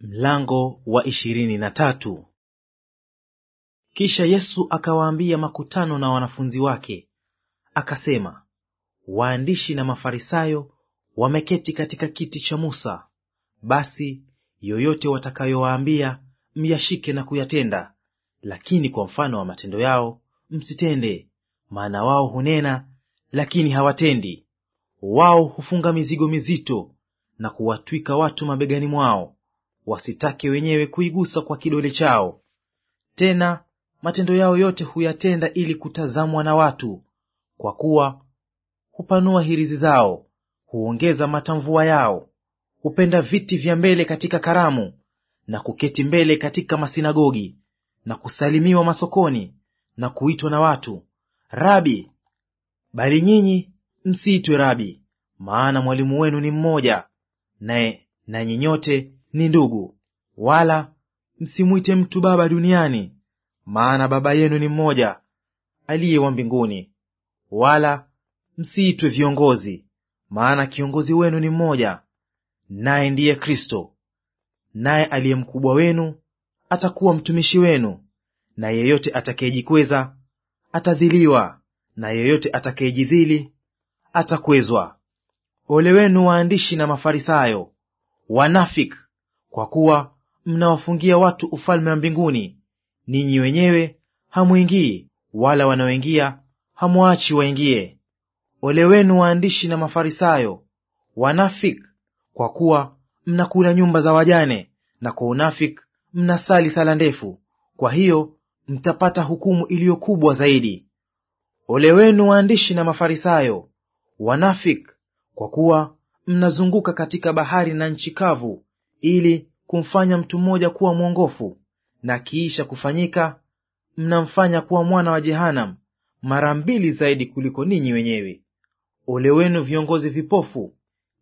Mlango wa ishirini na tatu. Kisha Yesu akawaambia makutano na wanafunzi wake akasema, waandishi na Mafarisayo wameketi katika kiti cha Musa. Basi yoyote watakayowaambia myashike na kuyatenda, lakini kwa mfano wa matendo yao msitende, maana wao hunena lakini hawatendi. Wao hufunga mizigo mizito na kuwatwika watu mabegani mwao wasitake wenyewe kuigusa kwa kidole chao. Tena matendo yao yote huyatenda ili kutazamwa na watu, kwa kuwa hupanua hirizi zao, huongeza matamvua yao, hupenda viti vya mbele katika karamu, na kuketi mbele katika masinagogi, na kusalimiwa masokoni, na kuitwa na watu Rabi. Bali nyinyi msiitwe rabi, maana mwalimu wenu ni mmoja, naye nanyi nyote ni ndugu, wala msimwite mtu baba duniani, maana baba yenu ni mmoja aliye wa mbinguni. Wala msiitwe viongozi, maana kiongozi wenu ni mmoja, naye ndiye Kristo. Naye aliye mkubwa wenu atakuwa mtumishi wenu, na yeyote atakayejikweza atadhiliwa, na yeyote atakayejidhili atakwezwa. Ole wenu waandishi na Mafarisayo, wanafiki kwa kuwa mnawafungia watu ufalme wa mbinguni, ninyi wenyewe hamwingii, wala wanaoingia hamwaachi waingie. Ole wenu waandishi na Mafarisayo, wanafik kwa kuwa mnakula nyumba za wajane, na kwa unafik mnasali sala ndefu; kwa hiyo mtapata hukumu iliyo kubwa zaidi. Ole wenu waandishi na Mafarisayo, wanafik kwa kuwa mnazunguka katika bahari na nchi kavu ili kumfanya mtu mmoja kuwa mwongofu, na kiisha kufanyika, mnamfanya kuwa mwana wa Jehanamu mara mbili zaidi kuliko ninyi wenyewe. Ole wenu viongozi vipofu,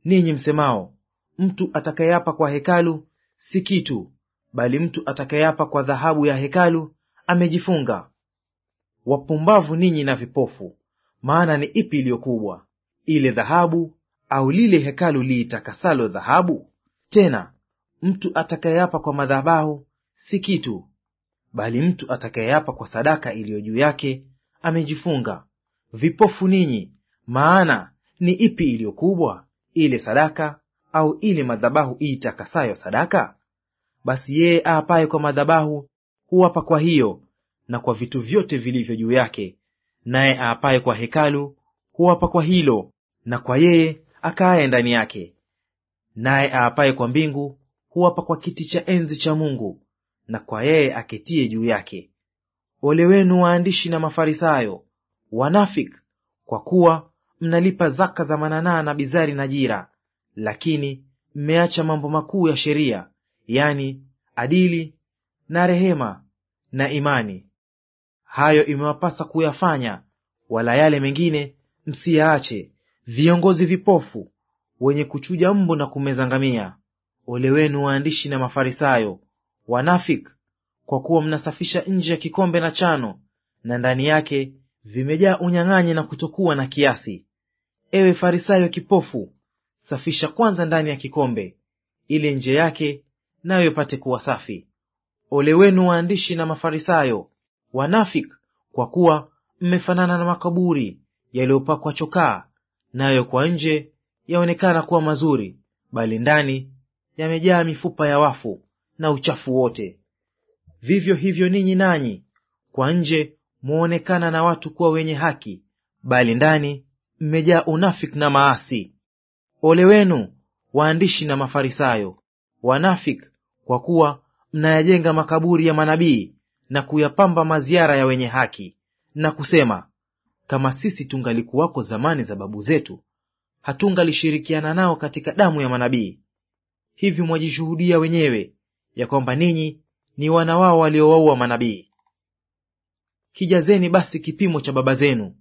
ninyi msemao, mtu atakayeapa kwa hekalu si kitu, bali mtu atakayeapa kwa dhahabu ya hekalu amejifunga. Wapumbavu ninyi na vipofu! Maana ni ipi iliyo kubwa, ile dhahabu au lile hekalu liitakasalo dhahabu? Tena Mtu atakayeapa kwa madhabahu si kitu, bali mtu atakayeapa kwa sadaka iliyo juu yake amejifunga. Vipofu ninyi! Maana ni ipi iliyo kubwa, ile sadaka au ile madhabahu iitakasayo sadaka? Basi yeye aapaye kwa madhabahu huapa kwa hiyo na kwa vitu vyote vilivyo juu yake, naye aapaye kwa hekalu huapa kwa hilo na kwa yeye akaaye ndani yake. Naye aapaye kwa mbingu huwapa kwa kiti cha enzi cha Mungu na kwa yeye aketie juu yake. Ole wenu waandishi na Mafarisayo, wanafik kwa kuwa mnalipa zaka za mananaa na bizari na jira, lakini mmeacha mambo makuu ya sheria, yani adili na rehema na imani. Hayo imewapasa kuyafanya, wala yale mengine msiyaache. Viongozi vipofu wenye kuchuja mbu na kumeza ngamia. Ole wenu waandishi na Mafarisayo, wanafik kwa kuwa mnasafisha nje ya kikombe na chano, na ndani yake vimejaa unyang'anyi na kutokuwa na kiasi. Ewe Farisayo kipofu, safisha kwanza ndani ya kikombe, ili nje yake nayo ipate kuwa safi. Ole wenu waandishi na Mafarisayo, wanafik kwa kuwa mmefanana na makaburi yaliyopakwa chokaa, nayo kwa nje yaonekana kuwa mazuri, bali ndani yamejaa mifupa ya wafu na uchafu wote. Vivyo hivyo ninyi nanyi kwa nje mwonekana na watu kuwa wenye haki, bali ndani mmejaa unafiki na maasi. Ole wenu waandishi na Mafarisayo, wanafiki, kwa kuwa mnayajenga makaburi ya manabii na kuyapamba maziara ya wenye haki, na kusema, kama sisi tungalikuwako zamani za babu zetu, hatungalishirikiana nao katika damu ya manabii hivi mwajishuhudia wenyewe ya kwamba ninyi ni wana wao waliowaua manabii. Kijazeni basi kipimo cha baba zenu,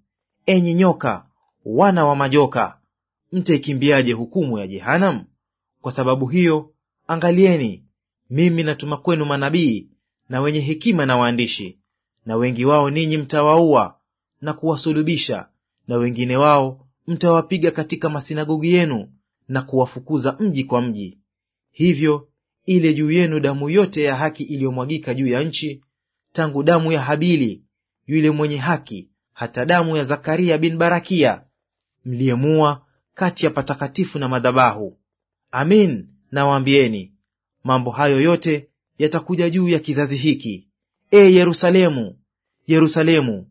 enyi nyoka, wana wa majoka, mtaikimbiaje hukumu ya jehanamu? Kwa sababu hiyo, angalieni, mimi natuma kwenu manabii na wenye hekima na waandishi, na wengi wao ninyi mtawaua na kuwasulubisha, na wengine wao mtawapiga katika masinagogi yenu na kuwafukuza mji kwa mji, Hivyo ile juu yenu damu yote ya haki iliyomwagika juu ya nchi, tangu damu ya Habili yule mwenye haki hata damu ya Zakaria bin Barakia mliyemua kati ya patakatifu na madhabahu. Amin nawaambieni, mambo hayo yote yatakuja juu ya kizazi hiki. E Yerusalemu, Yerusalemu,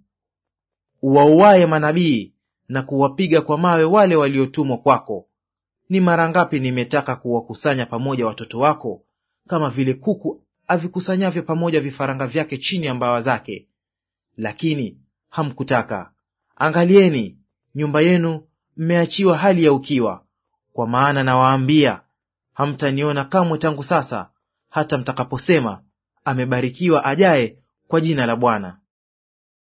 uwauaye manabii na kuwapiga kwa mawe wale waliotumwa kwako ni mara ngapi nimetaka kuwakusanya pamoja watoto wako kama vile kuku avikusanyavyo pamoja vifaranga vyake chini ya mbawa zake, lakini hamkutaka. Angalieni, nyumba yenu mmeachiwa hali ya ukiwa. Kwa maana nawaambia, hamtaniona kamwe tangu sasa hata mtakaposema, amebarikiwa ajaye kwa jina la Bwana.